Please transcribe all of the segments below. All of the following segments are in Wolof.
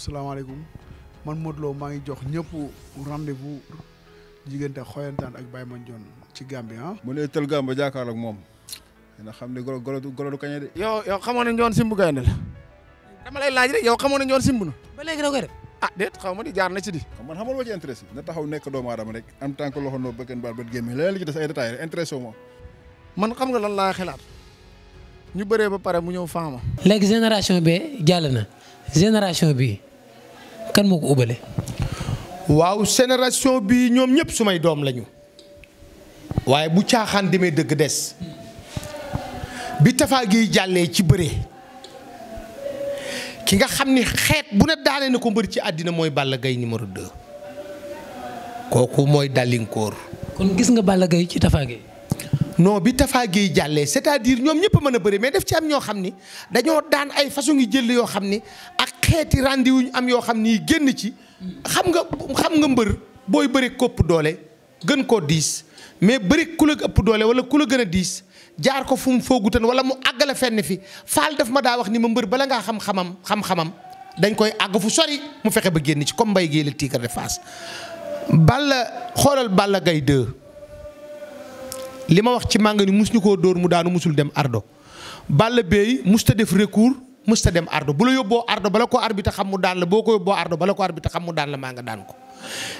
salaamaaleykum man Modou Lo maa ngi jox ñëpp rendez-vous diggante xoyantaan ak Baye Mandione ci Gambie ah. mu ne tël Gambie jàkkaarloog moom. dina xam ne golo golo golo du kañe de. yow yow xamoon nañu ñoon simbu gaynde la. dama lay yow xamoon nañu ñoon simbu na. ba léegi da koy ah, ma di jaar na ci di. man xamal ma ci intéressé na taxaw nekk doomu aadama rek en tant que loxo noo bëgën baal bët gémmi leneen li ci des ay détails intéressé wu ma. man xam nga lan laa xalaat ñu bëree ba pare mu ñëw faama. léegi génération bi jaal na génération bi kan moo ko ubale waaw génération bi ñoom ñëpp sumay doom lañu waaye bu caaxaan demee dëgg des bi Tapha Gueye jàllee ci bëre ki nga xam ni xeet bu na daanee na ko mbër ci àddina mooy Balla Gaye numéro 2 kooku mooy dàllinkoor kon gis nga Balla Gaye ci Tapha Gueye non bi Tapha Gueye jàllee cest à ñoom ñëpp mën a bëri mais daf ci am ñoo xam ni dañoo daan ay façon ngi jël yoo xam ni xeeti rendez-vous ñu am yoo xam ni génn ci xam nga xam nga mbër booy bëri kopp doole gën koo diis mais bëri ku la ëpp doole wala ku la gën a diis jaar ko fu mu foogutan wala mu àggale fenn fi faal daf ma daa wax ni ma mbër bala ngaa xam-xamam xam-xamam dañ koy àgg fu sori mu fexe ba génn ci comme mbay géey la Tigre de Fass Balla xoolal Balla Gaye 2 li ma wax ci mànga ni mus ñu koo dóor mu daanu musul dem ardo Balla Beye musta def recours mësta dem ardo bu la yóbboo ardo bala ko arbitre xam mu daan la boo ko yóbboo ardo bala ko arbitre xam mu daan la maa nga daan ko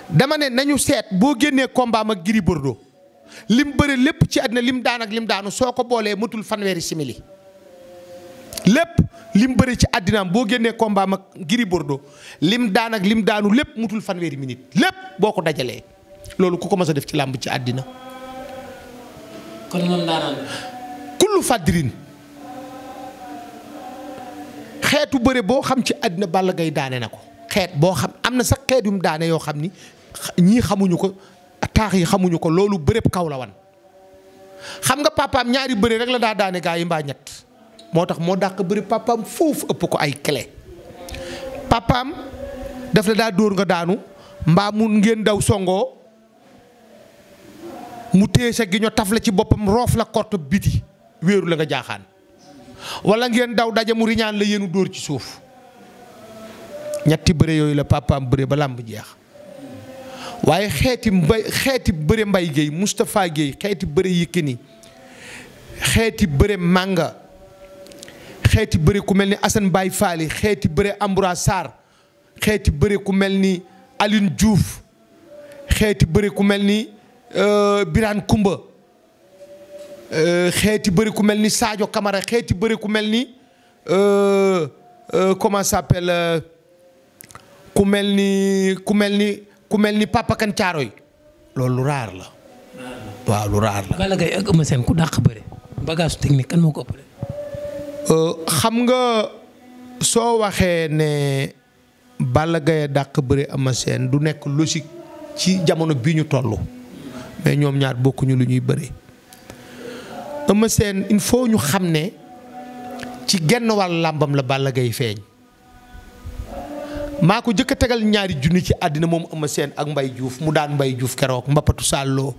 dama ne nañu seet boo génnee combat ma Gris Bordeaux lim bëri lépp ci àddina lim daan ak lim daanu soo ko boolee matul fanweeri simili lépp lim bëri ci àddinaam boo génnee combat ma Gris Bordeaux lim daan ak lim daanu lépp mutul fanweeri minit lépp boo ko dajalee loolu ku ko mës a def ci làmb ci àddina kullu fadrin xeetu bëre boo xam ci àddina Balla Gaye daane na ko xeet boo xam am na sax xeet yum daane yoo xam ni ñii xamuñu ko taax yi xamuñu ko loolu bërëb kaw la wan xam nga papaam ñaari bëre rek la daa daane gaa yi mbaa ñett moo tax moo dàq bëri papaam foofu ëpp ko ay clé papaam daf la daa dóor nga daanu mbaa mu ngeen daw songoo mu téye sa gi ño taf la ci boppam roof la korte biti wéeru la nga jaaxaan wala ngeen daw daje mu riñaan la yéenu dóor ci suuf ñetti bëre yooyu la papaam bëre ba làmb jeex waaye xeeti mbay xeeti bëre Mbaye Guèye Moustapha Guèye xeeti bëre Yékini xeeti bëre Manga xeeti bëre ku mel ni Assane Baye Faly xeeti bëre Ambra Sarr xeeti bëre ku mel ni alin juuf xeeti bëre ku mel ni euh, biraan Kumba Euh, xeeti bëri ku mel ni Sadio Camara xeeti bëri ku mel ni euh, euh, comment s'appelle ku mel ni ku mel ni ku mel ni Papa Kan Caaroy loolu lu raar la. waaw lu raar la. Balla Gaye ak Eumeu Sène ku dàq bëri bagage technique kan moo ko ëppale. xam nga soo waxee ne Balla Gaye dàq bëri ama Sène du nekk logique ci jamono bii ñu toll mais ñoom ñaar bokkuñu lu ñuy bëri. Eumeu seen il faut ñu xam ne ci genn wàll làmbam la Balla gay feeñ maa ko jëkk tegal ñaari junni ci àddina moom Eumeu seen ak mbay Diouf mu daan mbay juuf keroog mbapatu sàlloo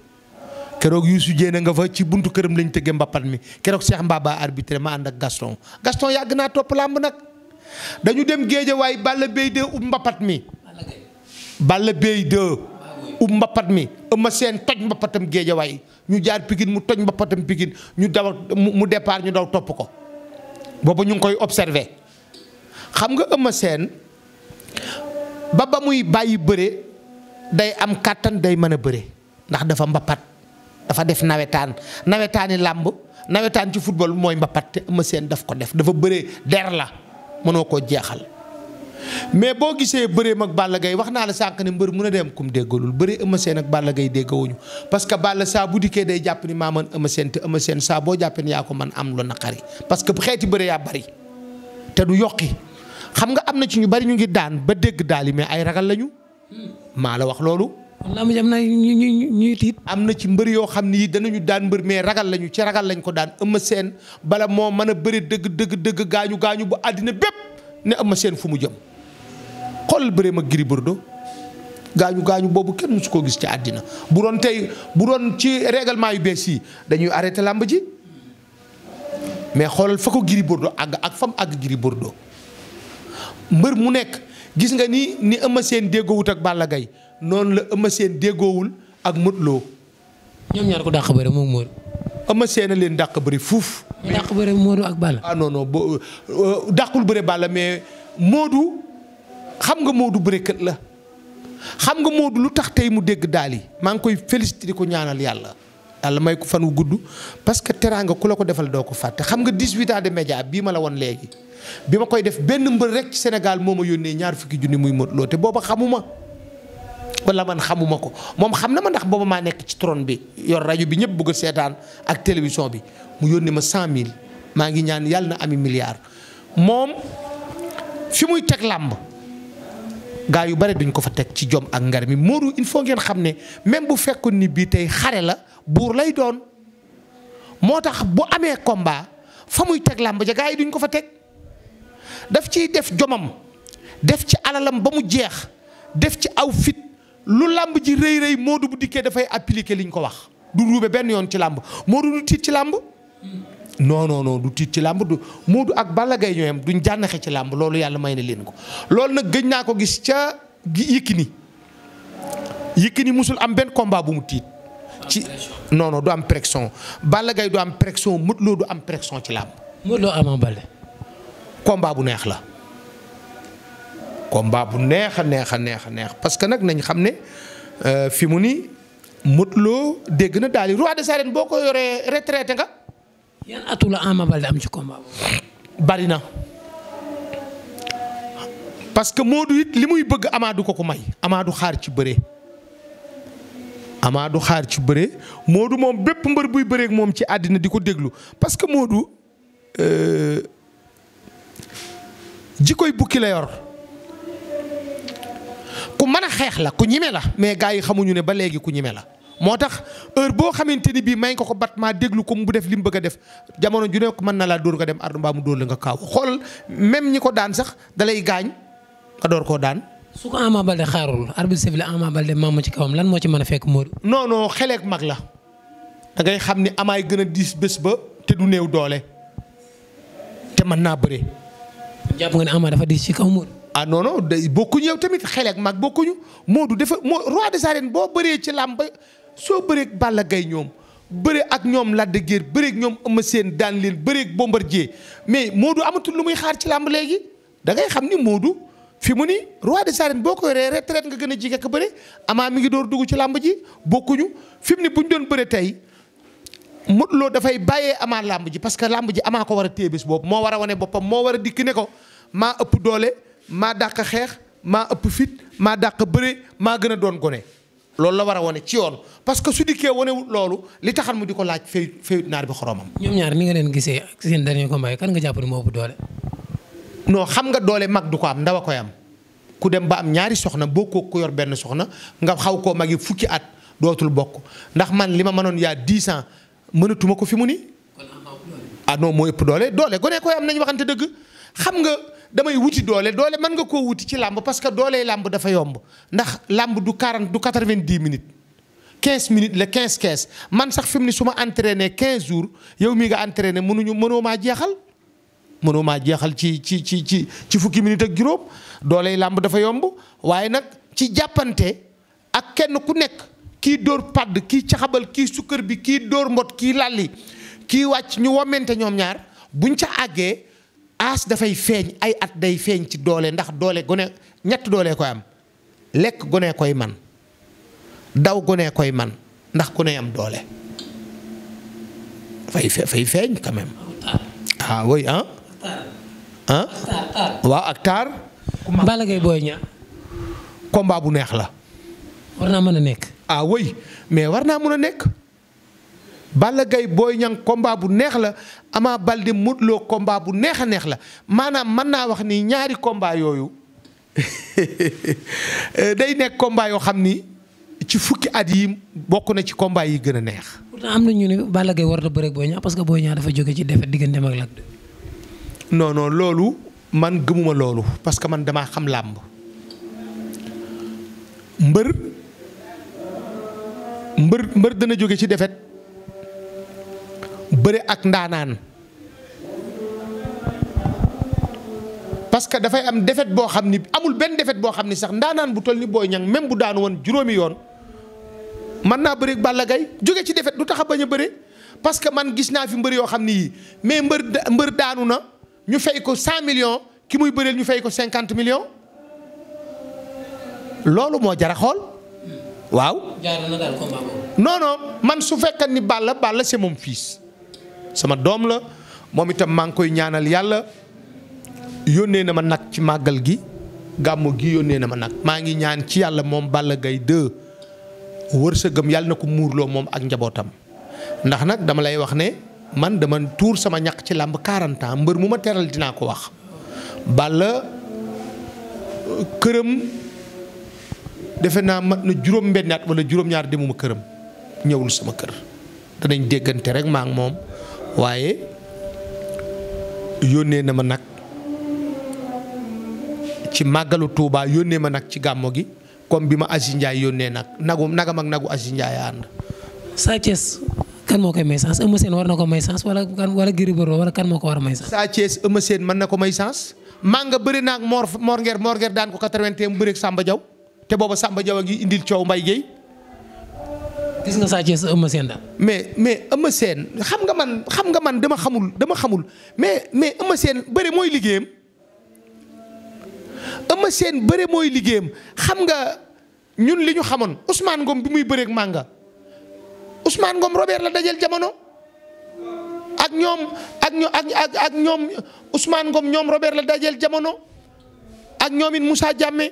keroog Youssou Dieng nga fa ci buntu këram lañ tëggee mbapat mi keroog Cheikh Mbaba arbitré ma ànd ak Gaston Gaston yàgg naa topp làmb nag dañu dem géejawaay Balla Beye de ub mbapat mi Balla Beye de ub mbappat mi Eumeu seen toj mbappatam géejawaay ñu jaar Pikine mu toj mbappatam Pikine ñu daw mu départ ñu daw topp ko booba ñu ngi koy observe xam nga Eumeu Sène ba ba muy bàyyi bëre day am kàttan day mën a bëre ndax dafa mbappat dafa def nawetaan nawetaani làmb nawetaan ci football mooy mbappat te Eumeu Sène daf ko def dafa bëre der la mënoo koo jeexal mais boo gisee bëreem mag Balla gay wax naa la sànq ne mbër mun a dem kum déggalul bëree Eumeu Sène ak Balla Gaye déggawuñu parce que Balla saa bu dikkee day jàpp ni maa man Eumeu Sène te Eumeu Sène saa boo jàppee ne yaa man am lu naqari parce que xeeti bëre yaa bari te du yokki xam nga am na ci ñu bari ñu ngi daan ba dégg daal yi mais ay ragal lañu maa la wax loolu. am na ñuy am na ci mbër yoo xam ni danañu daan mbër mais ragal lañu ci ragal lañ ko daan Eumeu Sène bala moo mën a bëri dëgg dëgg dëgg gaañu gaañu bu àddina bépp ne am ma seen fu mu jëm xool bëre ma Gris Bordeaux gaañu gaañu boobu kenn su ko gis ci àddina bu doon tey bu doon ci règlement yu bees yi dañuy arrêté làmb ji mais xoolal fa ko Gris Bordeaux àgg ak fam àgg Gris do mbër mu nekk gis nga ni ni Eumeu Sène déggoowut ak Balla Gaye noonu la Eumeu seen déggoowul ak Modou Lo ñoom ñaar ko dàq bëri moom Eumeu Sène a leen dàq bëri fuuf mais dàq bëre Modou ak Balla. ah non non boo euh, dàqul bëre Balla mais Modou xam nga moodu bëre kët la xam nga moodu lu tax tey mu dégg daal yi maa ngi koy félicité di ko ñaanal yàlla. yàlla may ko fan wu gudd parce que teraanga ku la ko defal doo ko fàtte xam nga 18 ans de média bii ma la woon léegi bi ma koy def benn mbër rek ci Sénégal moo ma yónnee ñaar fukki junni muy Modou Lo te booba xamuma. wala man xamuma ko moom xam na ma ndax booba maa nekk ci trône bi yor rajo bi ñëpp bëgg a seetaan ak télévision bi mu yónni ma cent mille maa ngi ñaan yàlla na ami milliard moom fi muy teg làmb gaa yu bare duñ ko fa teg ci jom ak ngar mi Modou il ngeen xam ne même bu fekkoon ni bii tey xare la buur lay doon moo tax bu amee combat fa muy teg làmb gaa yi duñ ko fa teg daf ciy def jomam def ci alalam ba mu jeex def ci aw fit lu làmb ji rëy rëy Modou bu dikkee dafay appliquer liñ ko wax du ruube benn yoon ci làmb Modou du tiit ci làmb non non non du tiit ci làmb du Modou ak Balla Gaye ñooyam duñ jànnaxe ci làmb loolu yàlla may na leen ko loolu nag gëj naa ko gis ca Yékini Yékini musul am benn combat bu mu tiit ci non non du am pression Balla Gaye du am pression Modou Lo du am pression ci làmb Modou Lo Ama Baldé combat bu neex la combat bu neex a neex a neex a neex parce que nag nañ xam ne euh, fi mu ni Modou loo dégg na daal roi des arènes boo ko yoree retraité nga. yan atu la Ama am ci combat bari na parce que Modou it li muy bëgg amaadu ko ko may amaadu xaar ci bëre. amaadu xaar ci bëre Modou moom bépp mbër buy bëreek moom ci àddina di ko déglu parce que Modou euh, jikoy bukki la yor. ku mën a xeex la ku ñime la mais gars yi xamuñu ne ba léegi ku ñime la moo tax heure boo xamante ni bii may nga ko bat maa déglu ko mu def li mu bëgg a def jamono ju nekk mën na laa dóor dem ardu mbaa mu la nga kaaw xool même ñi ko daan sax dalay gaañ nga door koo daan. su ko Ama Baldé xaarul arbitre civil Ama Baldé maamu ci kawam lan moo ci mën a fekk Modou. non xeleek mag la da ngay xam ni amaay gën a diis bés ba te du néew doole te mën naa bëre. jàpp nga ne Ama dafa diis ci kaw Modou. ah non non day bokkuñu yow tamit xel ak mag bokkuñu Modou dafa moo roi des boo bëree ci làmb soo bëree ak Balla Gaye ñoom bëri ak ñoom Lac de Guiers ak ñoom Eumeu Sène daan leen bëri ak Bombardier mais Modou amatul lu muy xaar ci làmb léegi da ngay xam ni Modou fi mu ni roi des boo koy ree retraite nga gën a jige ak bëri amaa mi ngi door dugg ci làmb ji bokkuñu fi mu ni bu ñu doon bëre tey Modou Lo dafay bàyyee amaa làmb ji parce que làmb ji amaa ko war a téye boobu moo war a wane boppam moo war a dikk ne ko maa ëpp doole. maa dàq xeex maa ëpp fit maa dàq bëre maa gën a doon gone loolu la war a wane ci yoon parce que su dikkee wanewut loolu li taxal mu di ko laaj fay fayut naar bi xoromam. ñoom ñaar ni nga leen gisee ak seen dernier combat kan nga jàpp ne moo ëpp doole. noo xam nga doole mag du ko am ndaw a koy am ku dem ba am ñaari soxna boo ko ku yor benn soxna nga xaw koo mag yi fukki at dootul bokk ndax man li ma mënoon yaa 10 ans mënatuma ko fi mu ni ah non moo ëpp doole doole gone koy am nañu waxante dëgg xam nga. damay wuti doole doole mën nga koo wuti ci làmb parce que doolee làmb dafa yomb ndax làmb du quarante du 90 minutes quinze minutes la quinze 15 man sax fi mu ne su ma entraîné 15 jours yow mii nga entraîné mënuñu mënoo maa jeexal mënoo maa jeexal ci ci ci ci ci fukki minutes ak juróom dooley làmb dafa yomb waaye nag ci jàppante ak kenn ku nekk kii dóor padd kii caxabal kii sukkër bi kii dóor mbot kii lalli kii wàcc ñu womente ñoom ñaar buñ ca àggee aas dafay feeñ ay at day feeñ ci doole ndax doole gone ñett doole koy am lekk gone koy man daw gone koy man ndax gone am doole fay feeñ quand même ah oui ah ah waaw ak taar Balla bu neex la war naa mën a nekk ah oui mais war naa mën a nekk Balla Gaye booy Niang combat bu neex la amaa Baldé Modou Lo combat bu neex a neex la maanaam mën naa wax nii ñaari combat yooyu eh, day nekk combat yoo xam ni ci fukki at yi bokk na ci combat yi gën a neex. pourtant am na ne Balla Gaye war na bëre ak parce que Boy Niang dafa jóge ci défaite digganteem ak Lac. non loolu man gëmuma loolu parce que man damaa xam làmb mbër mbër mbër dana jóge ci defet bëre ak ndaanaan parce que dafay am defet boo xam ni amul benn défaite boo xam ni sax ndaanaan bu toll ni booy Niang même bu daanu woon juróomi yoon mën naa bëre ak Balla Gaye jóge ci défaite du tax a bañ a bëre parce que man gis naa fi mbër yoo xam ni yii mais mbër mbër daanu na ñu fay ko cent millions ki muy bëreel ñu fay ko cinquante millions loolu moo jar xool waaw. jaar man su fekkee ni Balla Balla c'est mon sama doom la moom itam maa ngi koy ñaanal yàlla yónnee na ma nag ci màggal gi gàmmu gi yónnee na ma nag maa ngi ñaan ci yàlla moom Balla Gaye 2 wërsëgam yàlla na ko muurloo moom ak njabootam ndax nag dama lay wax ne man dama tuur sama ñaq ci làmb 40 ans mbër mu ma teral dinaa ko wax Balla këram defe naa mat na juróom-benn at wala juróom-ñaar demuma këram ñëwul sama kër danañ déggante rek maa ngi moom waaye yónnee na ma nag ci màggalu Touba yónnee ma nag ci gàmmoo gi comme bi ma Aziz Ndiaye yónnee nag nagu nagam ak nagu Aziz Ndiaye ànd. Sa Thiès kan moo koy may sens Eumeu Sène war na ko may sens wala wala Gris Bordeaux kan moo ko war a may sens. Sa Thiès Eumeu Sène mën na ko may sens maa nga naa naag Mor Mor Nguer Mor Nguer daan ko 81 mu bëreeg Samba Diaw te booba Samba jaw a ngi indil coow Mbaye Guèye gis nga Sa Thiès Eumeu Sène daal. mais mais Eumeu Sène xam nga man xam man dama xamul dama xamul mais mais Eumeu Sène bëre mooy liggéeyam Eumeu Sène bëre mooy liggéeyam xam nga ñun li ñu xamoon Ousmane Ngom bi muy bëreeg mànga usmaan ngoom Robert la dajal jamono ak ñoom ak ñoom ak ak ñoom Ousmane Ngom dajal jamono ak ñoomin Moussa Diame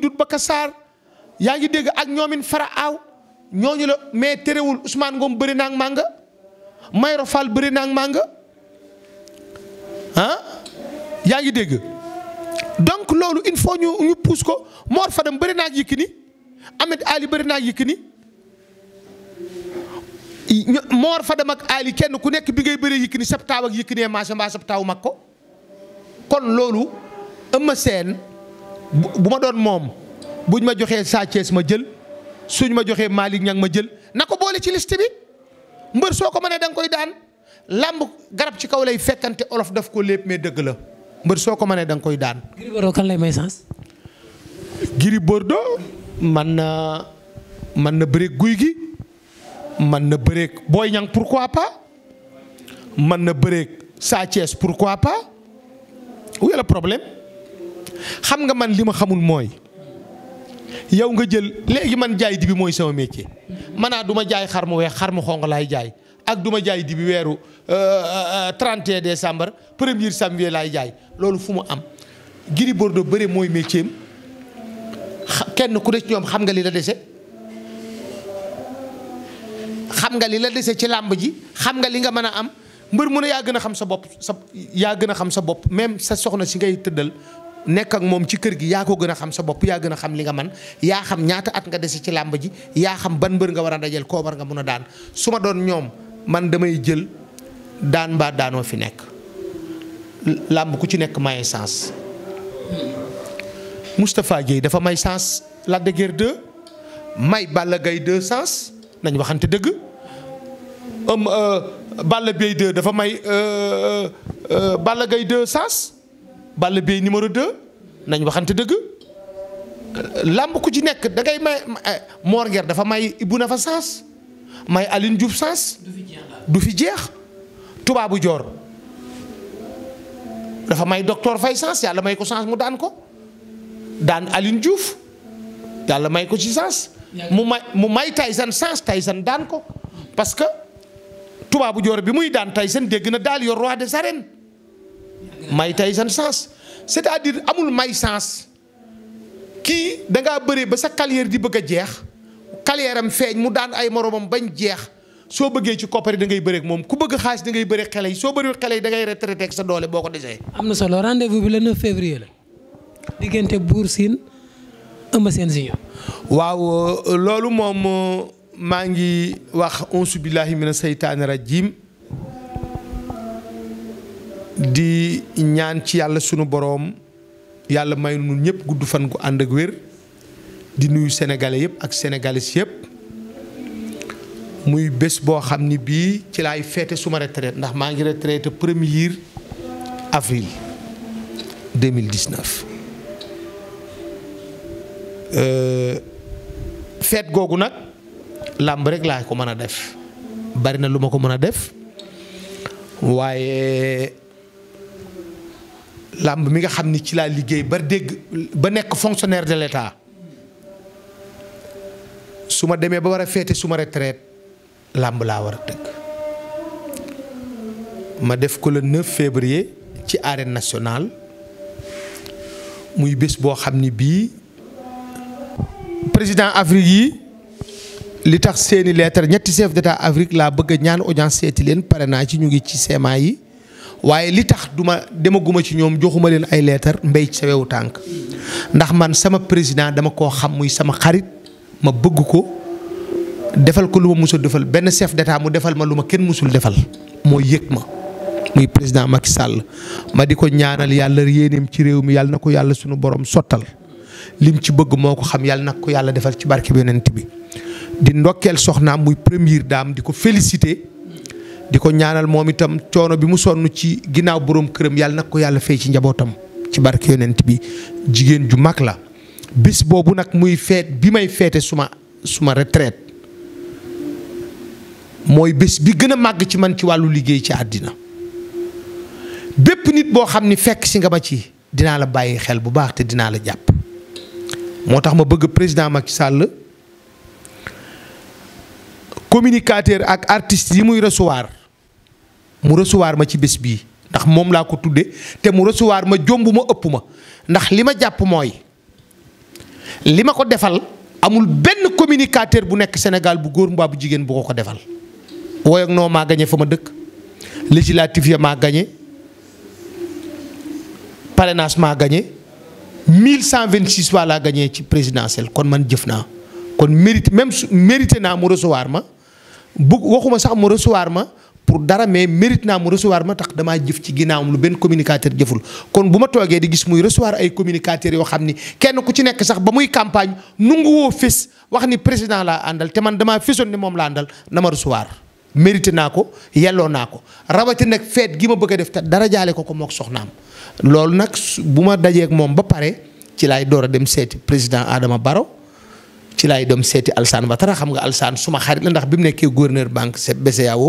Dut Baka Sarr yaa ngi dégg ak ñoomin Fara ñooñu la mais terewul Ousmane Ngom bëri naa ak mànga Mayoro Fall bëri naa ak ah, yaa ngi dégg donc loolu il faut ñu ñu ko moor Fadam bëri naa ak Yékini Ahmed Ali bëri naa ak Yékini Mor Fadam ak Ali kenn ku nekk bi ngay bëree Yékini sab taaw ak ne maasa mbaa sab mag ko kon loolu Eumeu seen bu ma doon moom buñ ma joxee Sa Thiès ma jël suñ ma joxee Malick ñang ma jël na ko boole ci liste bi mbër soo ko mënee da nga koy daan làmb garab ci kaw lay fekkante olof daf koo lépp mais dëgg la mbër soo ko mënee da nga koy daan. Gris Bordeaux kan lay may sens. man na man na bëreeg guy gi man na bëreeg Boy pour pourquoi pa man na bëreeg Sa Thiès pourquoi pas où est problème xam nga man li ma xamul mooy. yow nga jël léegi man jaay dibi mooy sama métier manaa duma jaay xar mu weex xar mu xonq laay jaay ak du ma jaay dibi weeru 31 euh, euh, euh, décembre premier samedi laay jaay loolu fu mu am Gris Bordeaux bari mooy métier am kenn ku ne ci ñoom xam nga li la dese xam nga li la dese ci làmb ji xam nga li nga mën a am mbër mun ne yaa gën a xam sa bopp sa yaa gën a xam sa bopp même sa soxna si ngay tëddal nekk ak moom ci kër gi yaa ko gën a xam sa bopp yaa gën a xam li nga man yaa xam ñaata at nga dese ci làmb ji yaa xam ban mbër nga war a dajal koo war nga mun a daan su ma doon ñoom man damay jël daan mbaa daanoo fi nekk làmb ku ci nekk maye sens. Moustapha Guèye dafa may sens Lac de may Balla Gaye 2 sens nañ waxante dëgg am euh, Balla Gaye dafa may euh, euh, Balla Gaye 2 sens. Balla Beye numéro de nañ waxante dëgg làmb ku ci nekk da ngay may eh, Mor dafa may Ibou fa Saas may Aline Diouf Saas du fi jeex tubaabu joor dafa may doctor fay Saas yàlla may ko Saas mu daan ko daan Aline Diouf yàlla may ko ci Saas mu may mu may Tyson Saas Tyson daan ko parce que tubaabu joor bi muy daan Tyson dégg na daal yor roi de arènes may tey san sens cest à amul may sens kii da ngaa ba sa carrière di bëgg a jeex carrière am feeñ mu daan ay moromam bañ jeex soo bëggee ci koppar da ngay bëreek moom ku bëgg xaalis da ngay bëreek xale yi soo bëreek xele yi da ngay retraité ak sa doole boo ko desee. am na solo rendez-vous bi le 9 février la. diggante Bour Sine Eumeu Sène Junior. waaw euh, loolu moom euh, maa ngi wax auzu billaahi mina seytaani rajiim di ñaan ci yàlla sunu boroom yàlla may nu ñëpp gudd fan gu ànd ak wér di nuyu sénégalais yëpp ak sénégalaises yëpp muy bés boo xam ni bii ci laay feete suma retraite ndax maa ngi retraité premier avril 2019 euh, feet googu nag làmb rek laa ko mën a def bari na lu ma ko mën a def waaye làmb mi nga xam ni ci laa liggéey ba dégg ba nekk fonctionnaire de l'État su ma demee ba war a féete suma ma retraite làmb laa war a tëgg ma def ko le 9 février ci arène nationale muy bés boo xam ni bii président Afrique yi li tax seeni lettre ñetti chef d'état Afrique laa bëgg ñaan audience seeti leen pare naa ci ñu ngi ci CMA yi waaye li tax duma demaguma ci ñoom joxuma leen ay leetar mbay ci sa tànk ndax man sama président dama koo xam muy sama xarit ma bëgg ko defal ko lu ma musul defal benn chef d'état mu defal ma lu ma kenn musul defal moo yëg ma muy président Macky Sall ma di ko ñaanal yàlla yéeneem ci réew mi yàlla na ko yàlla sunu borom sottal lim ci bëgg moo ko xam yàlla nag ko yàlla defal ci barke bi bi di ndokkeel soxnaam muy première dame di ko féliciter di ko ñaanal moom itam coono bi mu sonn ci ginnaaw boroom këram yàlla nag ko yàlla fay ci njabootam ci barke yonent bi jigéen ju mag la bés boobu nag muy feet bi may feete suma suma retraite mooy bés bi gën a màgg ci man ci wàllu liggéey ci àddina bépp nit boo xam ni fekk si nga ma ci dinaa la bàyyi xel bu baax te dinaa la jàpp moo tax ma bëgg président Macky sàll communicateur ak artist yi muy recevoir mu recevoir ma ci bés bii ndax moom laa ko tudde te mu recevoir ma jomb ma ëpp ma ndax li ma jàpp mooy li ma ko defal amul benn communicateur bu nekk Sénégal bu góor mbaa bu jigéen bu ko ko defal woyoog noo maa gañe fa ma dëkk législatif ya maa gañe parrainage maa gañe 1126 waa laa gañe ci présidentielle kon man jëf naa kon mérite même mérité naa mu recevoir ma bu waxuma sax mu recevoir ma pour dara mais mérite naa mu recevoir ma tax damaa jëf ci ginnaawam lu benn communicateur jëful kon bu ma toogee di gis muy recevoir ay communicateurs yoo xam ni kenn ku ci nekk sax ba muy campagne nungu woo fés wax ni président laa àndal te man damaa fésoon ne moom laa àndal na ma recevoir mérité naa ko yelloo naa ko rawatina nag feet gi ma bëgg a def te dara jaale ko ko mook soxnaam loolu nag bu ma dajeek moom ba pare ci laay door a dem seeti président Adama Barrow ci laay dem seeti Alassane Ouattara xam nga Alassane suma xarit la ndax bi mu nekkee gouverneur banque BCEAO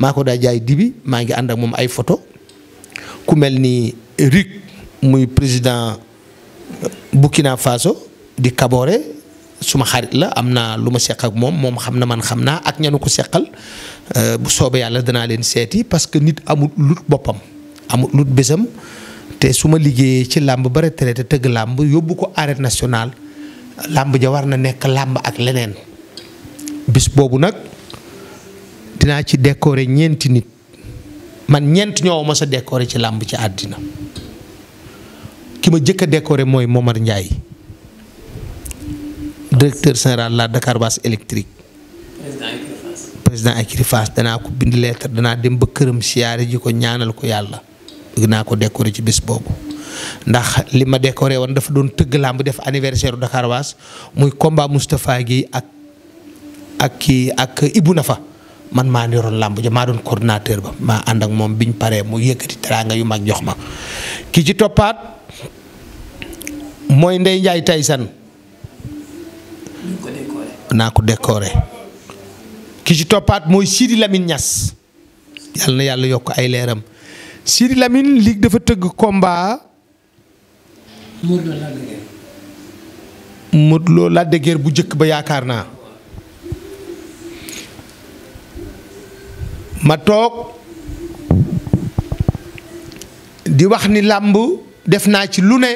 maa ko daa jaay dibi maa ngi ànd ak moom ay photo ku mel ni RIC muy président Burkina Faso di Kaboré suma xarit la am naa lu ma seq ak moom moom xam na man xam naa ak ñanu ko seqal euh, bu soobee yàlla danaa leen seeti parce que nit amul lut boppam amul lut bésam te su ma liggéeyee ci làmb ba retraité tëgg làmb yóbbu ko arène national làmb ja war na nekk làmb ak leneen bis boobu nag dinaa ci décorer ñeenti nit man ñeent ñoo ma sa décorer ci làmb ci àddina ki ma jëkk a mooy Momar Ndiaye directeur général la Dakar Basse président Akiri Fass danaa ko bind lettre danaa dem ba këram siyaare ji ko ñaanal ko yàlla bëgg naa ko décorer ci bis boobu ndax li ma décoré woon dafa doon tëgg làmb def anniversaire Dakar Waas muy combat Moustapha gi ak ak kii ak Ibou Nafa man maa yoroon làmb ja maa doon coordinateur ba maa ànd ak moom biñ paree mu yëkkati teraanga yu mag jox ma ki ci toppaat mooy Ndey Njaay Taysan naa ko décoré ki ci toppaat mooy Sidi Lamine Niass yàlla na yàlla yokk ay leeram Sidi Lamine lii dafa tëgg combat Modou laa Lac bu njëkk ba yaakaar naa ma toog di wax ni làmb def naa ci lu ne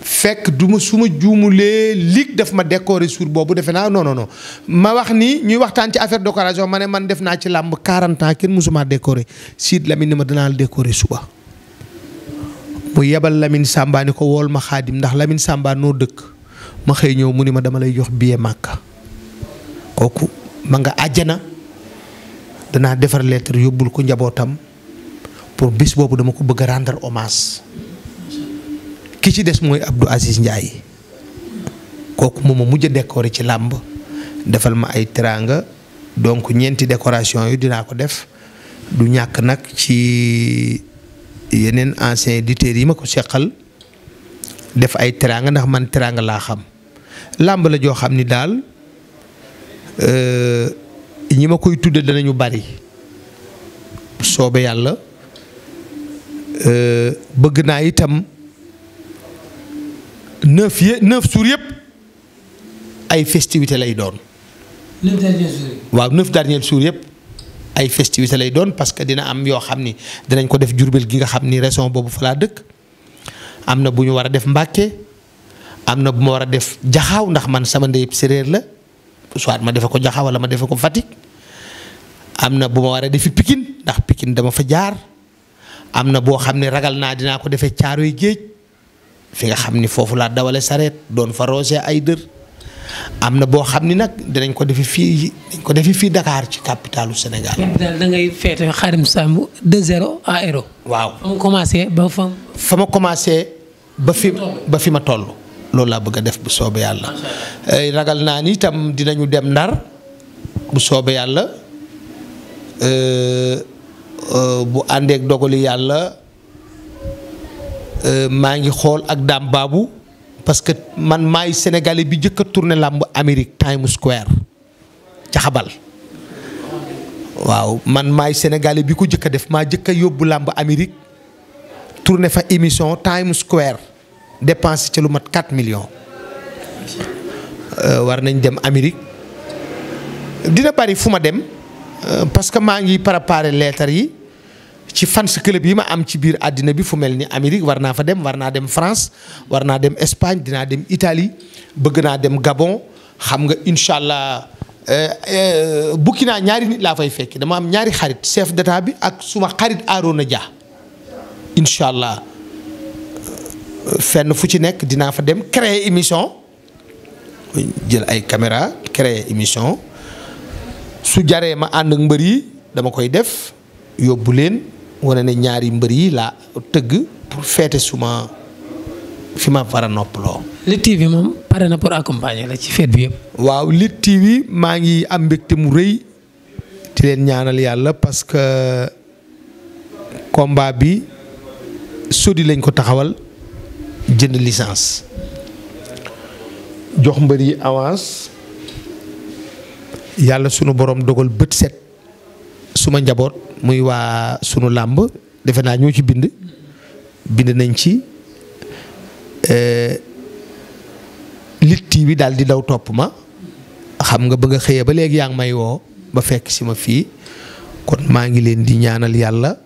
fekk du ma su ma juumulee lig daf ma décorer suur boobu defe naa non non non ma wax ni ñuy waxtaan ci affaire décoration ma ne man def naa ci làmb 40 ans kenn mësuma décorer Sidy Lamine ni ma danaa la décorer suba. mu yebal Lamine Samba ko wool ma xaadim ndax Lamine Samba noo dëkk ma xëy ñëw mu ni ma dama lay jox billet Màkka kooku ma nga àjjana danaa defar lettre yóbbul ko njabootam pour bis boobu dama ko bëgg a rendre hommage ki ci des mooy Abdou Aziz Ndiaye kooku moom a mujj a décoré ci làmb defal ma ay teraanga donc ñeenti décoration yi dinaa ko def du ñàkk nag ci yeneen ancien auditeurs yi ma ko seqal def ay teraanga ndax man teraanga laa xam làmb la joo xam ni daal euh, ñi ma koy tudde ñu bari soobe yàlla euh, bëgg naa itam neuf ye neuf jours yëpp ay festivité lay doon. neuf derniers jours waaw neuf derniers jours yëpp ay festivités lay doon parce que dina am yoo xam ni dinañ ko def Jurbel gi nga xam ni région boobu fa laa dëkk am na bu ñu war a def Mbàkke am na bu ma war a def Jaxaaw ndax man sama séréer la soit ma defe ko Jaxaaw ma defe ko Fatick am na bu ma war a Pikine ndax Pikine dama fa jaar am na boo xam ne ragal naa dinaa ko defee Caaroy Géej fi nga xam ni foofu laa dawale sareet doon fa roose ay dër am na boo xam ni nag dinañ ko defe fii dañ ko defe fii Dakar ci capitalu Sénégal. daal feete Xaadim Samb de zéro à zéro. waaw fa commencé ba fa. fa ma commencé ba fi ba fi ma toll. loolu laa bëgg a def bu soobee yàlla. Eh, ragal naa ni itam dinañu dem ndar bu soobee yàlla eh, eh, bu àndeek dogali yàlla maa ngi xool ak daam baabu parce que man maay sénégalais bi njëkk a tourné làmb Amérique Times Square ca xabal waaw man maay sénégalais bi ko njëkk a def maa njëkk a yóbbu làmb Amérique tourné fa émission Times Square dépensé ca lu mat 4 millions. Euh, war nañ dem Amérique dina bari fu ma dem euh, parce que maa ngi préparé leetar yi. ci fans club yi ma am ci biir àddina bi fu mel ni Amérique war naa fa dem war naa dem France war naa dem Espagne dinaa dem Italie bëgg naa dem Gabon xam nga incha allah euh, euh, Burkina ñaari nit laa fay fekk dama am ñaari xarit chef d'état bi ak suma xarit Arona Dia incha allah euh, fenn fu ci nekk dinaa fa dem créer émission jël ay caméra créer émission su jaree ma ànd mbër yi dama koy def yóbbu leen. wane ne ñaari mbër yi laa tëgg pour feete suma fi ma war a noppaloo. Lutte TV moom pare na pour accompagner la ci fête bi yëpp. waaw Lutte TV maa ngi am mbégte mu rëy di leen ñaanal yàlla parce que combat bi sodi lañ ko taxawal jënd licence jox mbër yi avance yàlla sunu borom dogal bët set suma njaboot. muy waa sunu làmb defe naa ñoo ci bind bind nañ ci eh, litti bi daal di daw topp ma xam nga bëgg a xëyee ba léegi yaa ngi may woo ba fekk si ma fii kon maa ngi leen di ñaanal yàlla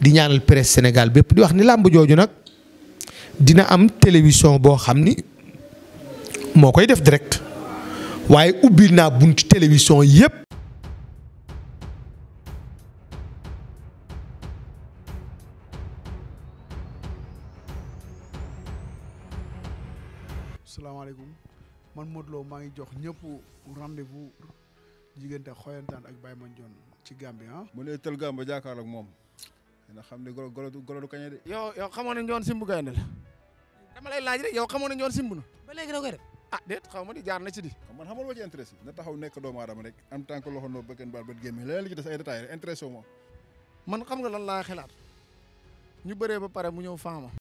di ñaanal presse Sénégal bépp di wax ni làmb jooju nag dina am télévision boo xam ni moo koy def direct waaye ubbi naa bunti téléwision yépp Modou Lo maa ngi jox ñëpp rendez-vous diggante xoyantaan ak Baye Mandione ci Gambie ah. mu ne tël Gambie jàkkaarloog moom. dina xam ni golo golo du golo du kañe de. yow yow xamoon nañu woon simbu gaynde la. dama lay laaj rek yow xamoon nañu woon simbu na. ba léegi da ah déet xaw ma jaar na ci di. man xamal ma ci intéressé na taxaw nekk doomu rek en tant que loxo noo bëgg baal bët gémmi leneen li ci des ay détails intéressé wu man xam nga lan laa xalaat ñu bëree ba pare mu ñëw faama